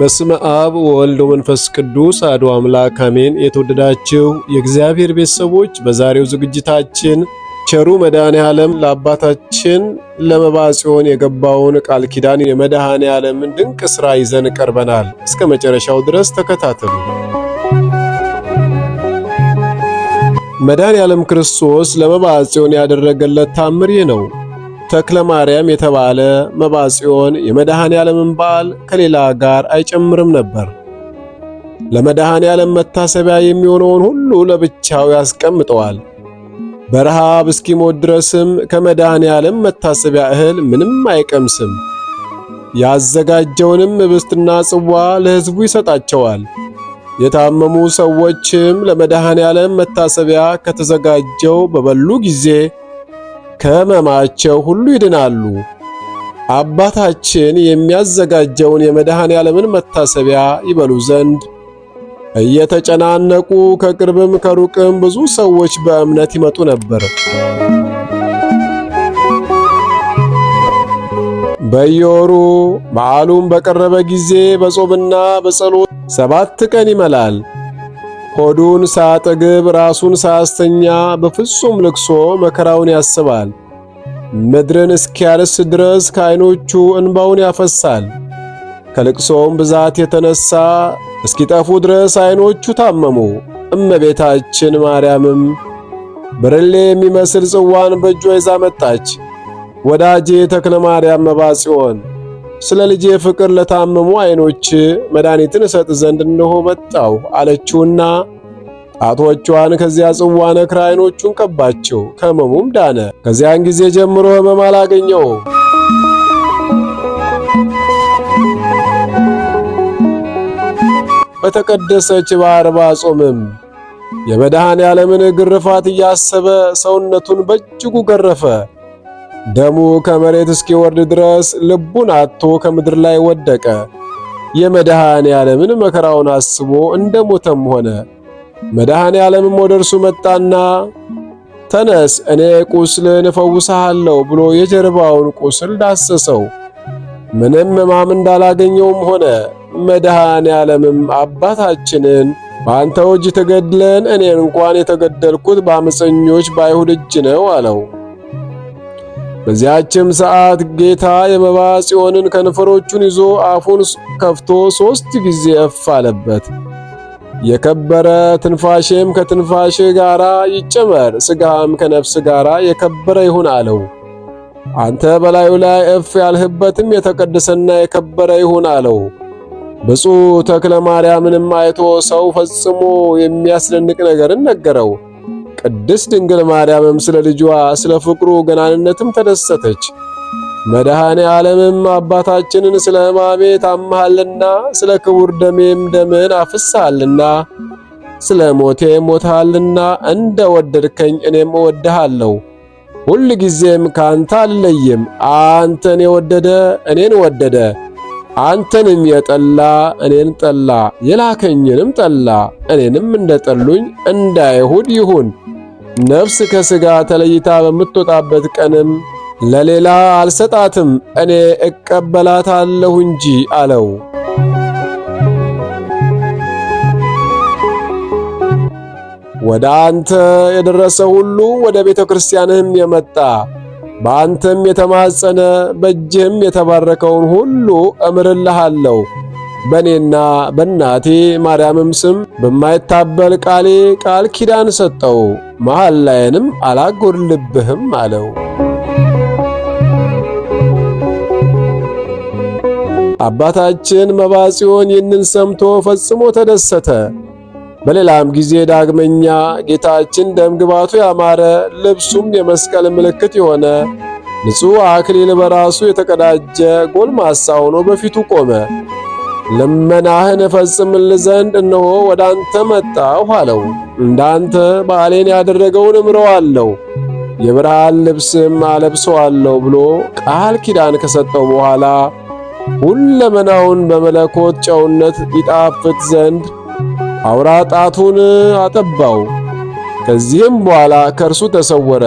በስመ አብ ወወልድ ወመንፈስ ቅዱስ አሐዱ አምላክ አሜን። የተወደዳችሁ የእግዚአብሔር ቤተሰቦች በዛሬው ዝግጅታችን ቸሩ መድኃኔ ዓለም ለአባታችን ለመባ የገባውን ቃል ኪዳን የመድኃኔ ዓለምን ድንቅ ሥራ ይዘን ቀርበናል። እስከ መጨረሻው ድረስ ተከታተሉ። መድኃኔ ዓለም ክርስቶስ ለመባ ያደረገለት ታምር ነው። ተክለ ማርያም የተባለ መባጽዮን የመድኃኔ ዓለምን በዓል ከሌላ ጋር አይጨምርም ነበር። ለመድኃኔ ዓለም መታሰቢያ የሚሆነውን ሁሉ ለብቻው ያስቀምጠዋል። በረሃብ እስኪሞት ድረስም ከመድኃኔ ዓለም መታሰቢያ እህል ምንም አይቀምስም። ያዘጋጀውንም ኅብስትና ጽዋ ለሕዝቡ ይሰጣቸዋል። የታመሙ ሰዎችም ለመድኃኔ ዓለም መታሰቢያ ከተዘጋጀው በበሉ ጊዜ ከሕመማቸው ሁሉ ይድናሉ። አባታችን የሚያዘጋጀውን የመድኃኔ ዓለምን መታሰቢያ ይበሉ ዘንድ እየተጨናነቁ ከቅርብም ከሩቅም ብዙ ሰዎች በእምነት ይመጡ ነበር። በየወሩ በዓሉም በቀረበ ጊዜ በጾምና በጸሎት ሰባት ቀን ይመላል። ሆዱን ሳያጠግብ ራሱን ሳያስተኛ በፍጹም ልቅሶ መከራውን ያስባል። ምድርን እስኪያርስ ድረስ ከዓይኖቹ እንባውን ያፈሳል። ከልቅሶውም ብዛት የተነሳ እስኪጠፉ ድረስ ዓይኖቹ ታመሙ። እመቤታችን ማርያምም ብርሌ የሚመስል ጽዋን በእጇ ይዛ መጣች። ወዳጄ ተክለ ማርያም መባ ጽዮን፣ ስለ ልጄ ፍቅር ለታመሙ ዓይኖች መድኃኒትን እሰጥ ዘንድ እንሆ መጣሁ አለችውና ጣቶቿን ከዚያ ጽዋ ነክራ ዓይኖቹን ቀባቸው፣ ከሕመሙም ዳነ። ከዚያን ጊዜ ጀምሮ ሕመም አላገኘው። በተቀደሰች በአርባ ጾምም የመድኃኔ ዓለምን ግርፋት እያሰበ ሰውነቱን በእጅጉ ገረፈ። ደሙ ከመሬት እስኪወርድ ድረስ ልቡን አጥቶ ከምድር ላይ ወደቀ። የመድኃኔ ዓለምን መከራውን አስቦ እንደሞተም ሆነ። መድኃኔ ዓለምም ወደ እርሱ መጣና ተነስ እኔ ቁስልን እፈውስሃለሁ ብሎ የጀርባውን ቁስል ዳሰሰው። ምንም ሕማም እንዳላገኘውም ሆነ። መድኃኔ ዓለምም አባታችንን በአንተ እጅ ተገድለን እኔ እንኳን የተገደልኩት በአመፀኞች በአይሁድ እጅ ነው አለው። በዚያችም ሰዓት ጌታ የመባ ጽዮንን ከንፈሮቹን ይዞ አፉን ከፍቶ ሦስት ጊዜ እፍ አለበት። የከበረ ትንፋሽም ከትንፋሽ ጋራ ይጨመር፣ ስጋም ከነፍስ ጋራ የከበረ ይሁን አለው። አንተ በላዩ ላይ እፍ ያልህበትም የተቀደሰና የከበረ ይሁን አለው። ብፁዕ ተክለ ማርያምንም አይቶ ሰው ፈጽሞ የሚያስደንቅ ነገርን ነገረው። ቅድስት ድንግል ማርያምም ስለ ልጇ ስለ ፍቅሩ ገናንነትም ተደሰተች። መድኃኔ ዓለምም አባታችንን ስለ ሕማሜ ታምሃልና ስለ ክቡር ደሜም ደምን አፍሳልና ስለ ሞቴ ሞታልና እንደ ወደድከኝ እኔም እወድሃለሁ፣ ሁል ጊዜም ካንተ አልለይም። አንተን የወደደ እኔን ወደደ፣ አንተንም የጠላ እኔን ጠላ፣ የላከኝንም ጠላ። እኔንም እንደ ጠሉኝ እንደ አይሁድ ይሁን። ነፍስ ከሥጋ ተለይታ በምትወጣበት ቀንም ለሌላ አልሰጣትም እኔ እቀበላታለሁ እንጂ አለው። ወደ አንተ የደረሰ ሁሉ ወደ ቤተ ክርስቲያንህም የመጣ በአንተም የተማጸነ በእጅህም የተባረከውን ሁሉ እምርልሃለሁ። በእኔና በእናቴ ማርያምም ስም በማይታበል ቃሌ ቃል ኪዳን ሰጠው፣ መሐላዬንም አላጎድልብህም አለው። አባታችን መባፂዮን ይህንን ሰምቶ ፈጽሞ ተደሰተ። በሌላም ጊዜ ዳግመኛ ጌታችን ደምግባቱ ያማረ ልብሱም የመስቀል ምልክት የሆነ ንጹሕ አክሊል በራሱ የተቀዳጀ ጎልማሳ ሆኖ በፊቱ ቆመ። ልመናህን እፈጽምል ዘንድ እነሆ ወደ አንተ መጣሁ አለው። እንዳንተ በዓሌን ያደረገውን እምረዋለሁ የብርሃን ልብስም አለብሰዋለሁ ብሎ ቃል ኪዳን ከሰጠው በኋላ ሁለመናውን በመለኮት ጨውነት ይጣፍጥ ዘንድ አውራ ጣቱን አጠባው። ከዚህም በኋላ ከእርሱ ተሰወረ።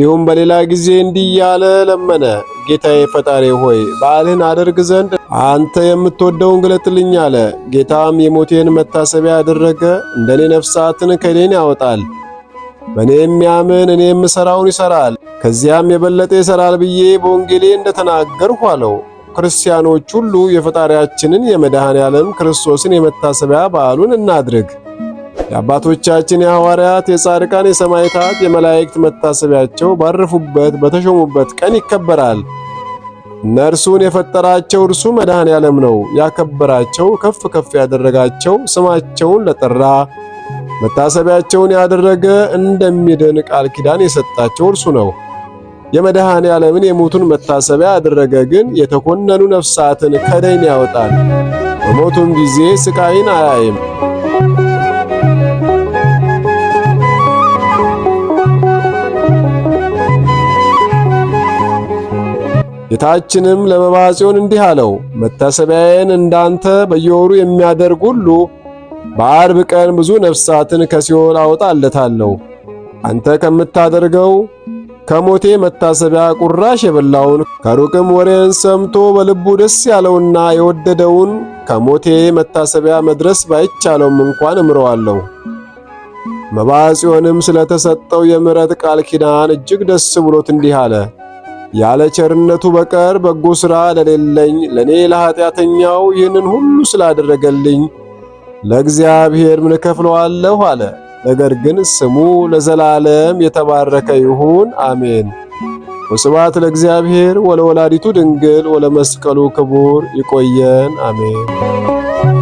እንዲሁም በሌላ ጊዜ እንዲህ እያለ ለመነ። ጌታዬ ፈጣሪ ሆይ በዓልህን አደርግ ዘንድ አንተ የምትወደውን ግለጥልኝ አለ። ጌታም የሞቴን መታሰቢያ ያደረገ እንደኔ ነፍሳትን ከኔን ያወጣል፣ በእኔ የሚያምን እኔ የምሠራውን ይሠራል፣ ከዚያም የበለጠ ይሠራል ብዬ በወንጌሌ እንደተናገርሁ አለው። ክርስቲያኖች ሁሉ የፈጣሪያችንን የመድኃኔ ዓለም ክርስቶስን የመታሰቢያ በዓሉን እናድርግ። የአባቶቻችን የሐዋርያት፣ የጻድቃን፣ የሰማዕታት፣ የመላእክት መታሰቢያቸው ባረፉበት በተሾሙበት ቀን ይከበራል። እነርሱን የፈጠራቸው እርሱ መድኃኔ ዓለም ነው። ያከበራቸው ከፍ ከፍ ያደረጋቸው ስማቸውን ለጠራ መታሰቢያቸውን ያደረገ እንደሚድን ቃል ኪዳን የሰጣቸው እርሱ ነው። የመድኃኔ ዓለምን የሞቱን መታሰቢያ ያደረገ ግን የተኮነኑ ነፍሳትን ከደይን ያወጣል። በሞቱም ጊዜ ስቃይን አያይም። ጌታችንም ለመባጽዮን እንዲህ አለው፣ መታሰቢያዬን እንዳንተ በየወሩ የሚያደርግ ሁሉ በአርብ ቀን ብዙ ነፍሳትን ከሲኦል አወጣለታለሁ። አንተ ከምታደርገው ከሞቴ መታሰቢያ ቁራሽ የበላውን ከሩቅም ወሬን ሰምቶ በልቡ ደስ ያለውና የወደደውን ከሞቴ መታሰቢያ መድረስ ባይቻለውም እንኳን እምረዋለሁ። መባጽዮንም ስለተሰጠው የምሕረት ቃል ኪዳን እጅግ ደስ ብሎት እንዲህ አለ ያለ ቸርነቱ በቀር በጎ ሥራ ለሌለኝ ለኔ ለኃጢአተኛው ይህንን ሁሉ ስላደረገልኝ ለእግዚአብሔር ምን እከፍለዋለሁ አለ። ነገር ግን ስሙ ለዘላለም የተባረከ ይሁን፣ አሜን። ወስብሐት ለእግዚአብሔር ወለወላዲቱ ድንግል ወለመስቀሉ ክቡር። ይቆየን፣ አሜን።